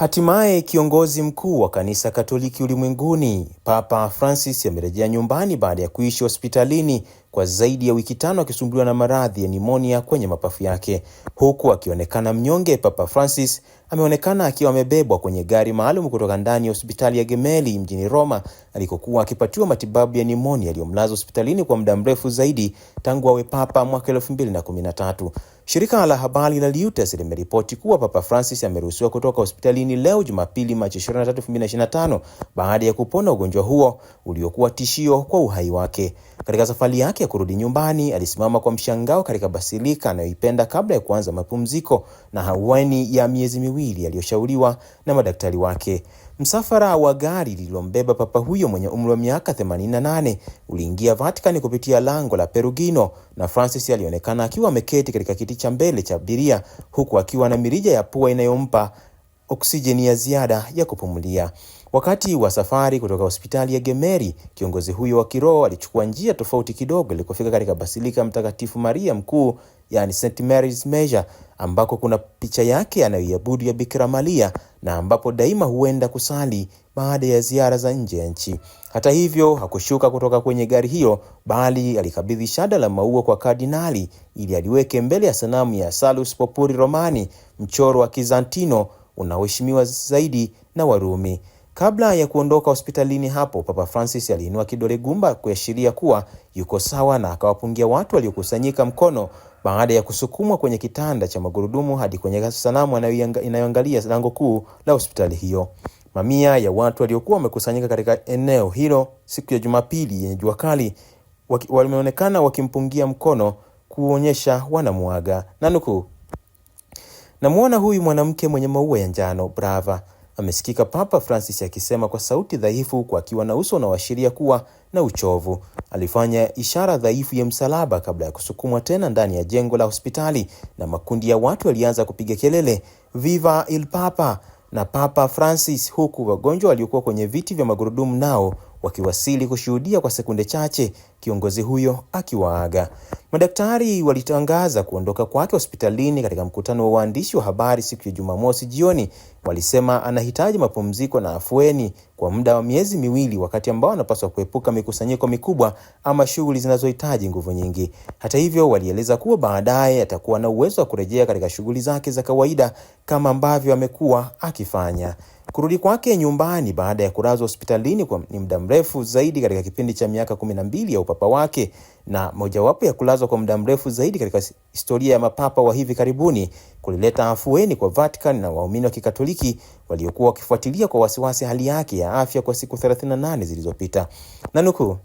Hatimaye kiongozi mkuu wa kanisa Katoliki ulimwenguni Papa Francis amerejea nyumbani baada ya kuishi hospitalini kwa zaidi ya wiki tano akisumbuliwa na maradhi ya nimonia kwenye mapafu yake huku akionekana mnyonge. Papa Francis ameonekana akiwa amebebwa kwenye gari maalum kutoka ndani ya hospitali ya Gemelli mjini Roma alikokuwa akipatiwa matibabu ya nimonia aliyomlaza hospitalini kwa muda mrefu zaidi tangu awe papa mwaka 2013. Shirika la habari la Reuters limeripoti kuwa Papa Francis ameruhusiwa kutoka hospitalini leo Jumapili, Machi 23, 2025 baada ya kupona ugonjwa huo uliokuwa tishio kwa uhai wake. Katika safari yake yake ya kurudi nyumbani alisimama kwa mshangao katika basilika anayoipenda kabla ya kuanza mapumziko na hawani ya miezi miwili aliyoshauriwa na madaktari wake. Msafara wa gari lililombeba papa huyo mwenye umri wa miaka 88 uliingia Vatican kupitia lango la Perugino, na Francis alionekana akiwa ameketi katika kiti cha mbele cha abiria huku akiwa na mirija ya pua inayompa oksijeni ya ziada ya kupumulia. Wakati wa safari kutoka hospitali ya gemeri kiongozi huyo wa kiroho alichukua njia tofauti kidogo ilikofika katika Basilika Mtakatifu Maria Mkuu, yani St Mary's Major, ambako kuna picha yake anayoiabudu ya Bikira Maria na ambapo daima huenda kusali baada ya ziara za nje ya nchi. Hata hivyo, hakushuka kutoka kwenye gari hiyo, bali alikabidhi shada la maua kwa kardinali ili aliweke mbele ya sanamu ya Salus Populi Romani, mchoro wa Kizantino unaoheshimiwa zaidi na Warumi. Kabla ya kuondoka hospitalini hapo, Papa Francis aliinua kidole gumba kuashiria kuwa yuko sawa na akawapungia watu waliokusanyika mkono baada ya kusukumwa kwenye kitanda cha magurudumu hadi kwenye sanamu inayoangalia lango kuu la hospitali hiyo. Mamia ya watu waliokuwa wamekusanyika katika eneo hilo siku ya Jumapili yenye jua kali wameonekana wakimpungia mkono kuonyesha wanamuaga na nukuu Namwona huyu mwanamke mwenye maua ya njano brava, amesikika Papa Francis akisema kwa sauti dhaifu, huku akiwa na uso unaoashiria kuwa na uchovu. Alifanya ishara dhaifu ya msalaba kabla ya kusukumwa tena ndani ya jengo la hospitali, na makundi ya watu alianza kupiga kelele Viva il Papa na Papa Francis, huku wagonjwa waliokuwa kwenye viti vya magurudumu nao wakiwasili kushuhudia kwa sekunde chache kiongozi huyo akiwaaga. Madaktari walitangaza kuondoka kwake hospitalini katika mkutano wa waandishi wa habari siku ya Jumamosi jioni. Walisema anahitaji mapumziko na afueni kwa muda wa miezi miwili, wakati ambao anapaswa kuepuka mikusanyiko mikubwa ama shughuli zinazohitaji nguvu nyingi. Hata hivyo, walieleza kuwa baadaye atakuwa na uwezo wa kurejea katika shughuli zake za kawaida kama ambavyo amekuwa akifanya. Kurudi kwake nyumbani baada ya kulazwa hospitalini kwa ni muda mrefu zaidi katika kipindi cha miaka 12 ya mapapa wake na mojawapo ya kulazwa kwa muda mrefu zaidi katika historia ya mapapa wa hivi karibuni kulileta afueni kwa Vatican na waumini wa Kikatoliki waliokuwa wakifuatilia kwa wasiwasi hali yake ya afya kwa siku 38 zilizopita. Na nukuu,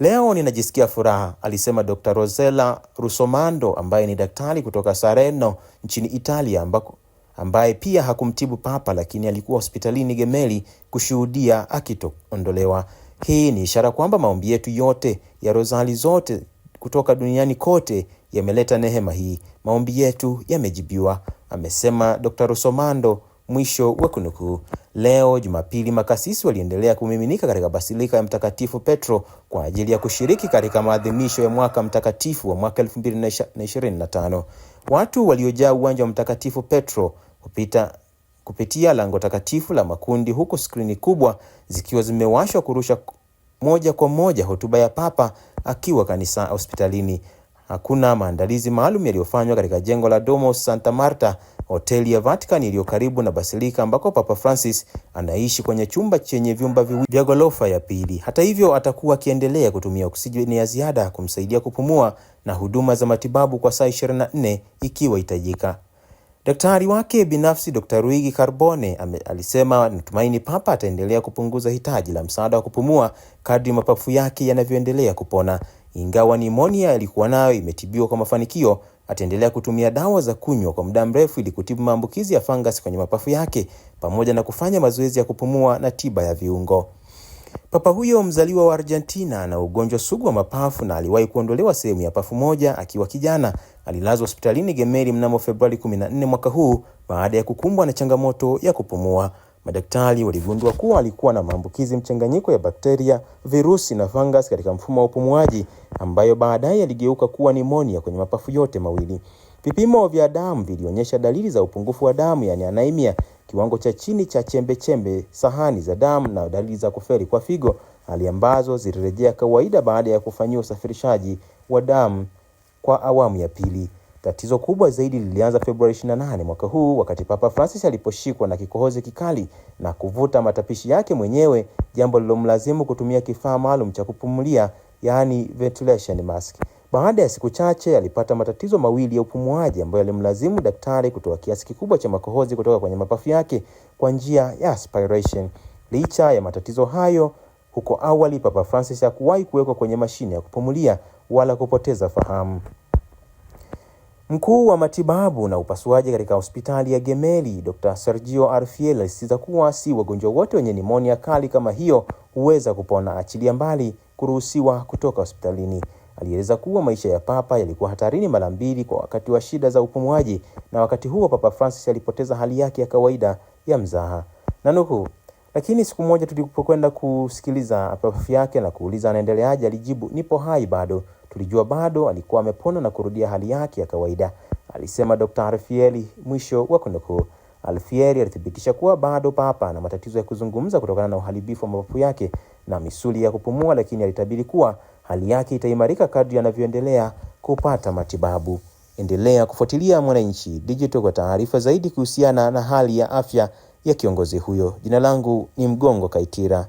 leo ninajisikia furaha, alisema Dr. Rosella Rusomando ambaye ni daktari kutoka Sareno nchini Italia ambako ambaye pia hakumtibu papa lakini alikuwa hospitalini Gemelli kushuhudia akitoondolewa. Hii ni ishara kwamba maombi yetu yote ya rozali zote kutoka duniani kote yameleta nehema hii, maombi yetu yamejibiwa, amesema Dr. rosomando Mwisho wa kunukuu. Leo Jumapili, makasisi waliendelea kumiminika katika basilika ya Mtakatifu Petro kwa ajili ya kushiriki katika maadhimisho ya mwaka mtakatifu wa mwaka 2025. Watu waliojaa uwanja wa Mtakatifu Petro kupita kupitia lango takatifu la makundi, huku skrini kubwa zikiwa zimewashwa kurusha moja kwa moja hotuba ya Papa akiwa kanisa hospitalini. Hakuna maandalizi maalum yaliyofanywa katika jengo la Domo Santa Marta, hoteli ya Vatican iliyo karibu na Basilika ambako Papa Francis anaishi kwenye chumba chenye vyumba viwili vya ghorofa ya pili. Hata hivyo, atakuwa akiendelea kutumia oksijeni ya ziada kumsaidia kupumua na huduma za matibabu kwa saa 24 ikiwa itajika. Daktari wake binafsi Dr. Luigi Carbone alisema natumaini Papa ataendelea kupunguza hitaji la msaada wa kupumua kadri mapafu yake yanavyoendelea kupona. Ingawa nimonia alikuwa nayo imetibiwa kwa mafanikio, ataendelea kutumia dawa za kunywa kwa muda mrefu ili kutibu maambukizi ya fangasi kwenye mapafu yake pamoja na kufanya mazoezi ya kupumua na tiba ya viungo. Papa huyo mzaliwa wa Argentina ana ugonjwa sugu wa mapafu na aliwahi kuondolewa sehemu ya pafu moja akiwa kijana. Alilazwa hospitalini Gemelli mnamo Februari 14 mwaka huu baada ya kukumbwa na changamoto ya kupumua. Madaktari waligundua kuwa alikuwa na maambukizi mchanganyiko ya bakteria, virusi na fungus katika mfumo wa upumuaji, ambayo baadaye aligeuka kuwa nimonia kwenye mapafu yote mawili. Vipimo vya damu vilionyesha dalili za upungufu wa damu, yani anaimia, Kiwango cha chini cha chembechembe, sahani za damu na dalili za kufeli kwa figo, hali ambazo zilirejea kawaida baada ya kufanyiwa usafirishaji wa damu kwa awamu ya pili. Tatizo kubwa zaidi lilianza Februari 28 mwaka huu wakati Papa Francis aliposhikwa na kikohozi kikali na kuvuta matapishi yake mwenyewe, jambo lilomlazimu kutumia kifaa maalum cha kupumulia, yaani ventilation mask. Baada ya siku chache alipata matatizo mawili ya upumuaji ambayo alimlazimu daktari kutoa kiasi kikubwa cha makohozi kutoka kwenye mapafu yake kwa njia ya aspiration. Licha ya matatizo hayo, huko awali Papa Francis hakuwahi kuwekwa kwenye mashine ya kupumulia wala kupoteza fahamu. Mkuu wa matibabu na upasuaji katika hospitali ya Gemelli, Dr. Sergio Arfiel alisisitiza kuwa si wagonjwa wote wenye nimonia kali kama hiyo huweza kupona, achilia mbali kuruhusiwa kutoka hospitalini. Alieleza kuwa maisha ya Papa yalikuwa hatarini mara mbili kwa wakati wa shida za upumuaji, na wakati huo Papa Francis alipoteza hali yake ya kawaida ya mzaha. Nanukuu, lakini siku moja tulipokwenda kusikiliza afya yake na kuuliza anaendeleaje, alijibu nipo hai bado. Tulijua bado alikuwa amepona na kurudia hali yake ya kawaida, alisema Dr. Alfieri, mwisho wa kunuku. Alfieri alithibitisha kuwa bado Papa ana matatizo ya kuzungumza kutokana na uharibifu wa mapafu yake na misuli ya kupumua, lakini alitabiri kuwa hali yake itaimarika kadri anavyoendelea kupata matibabu. Endelea kufuatilia Mwananchi Digital kwa taarifa zaidi kuhusiana na hali ya afya ya kiongozi huyo. Jina langu ni Mgongo Kaitira.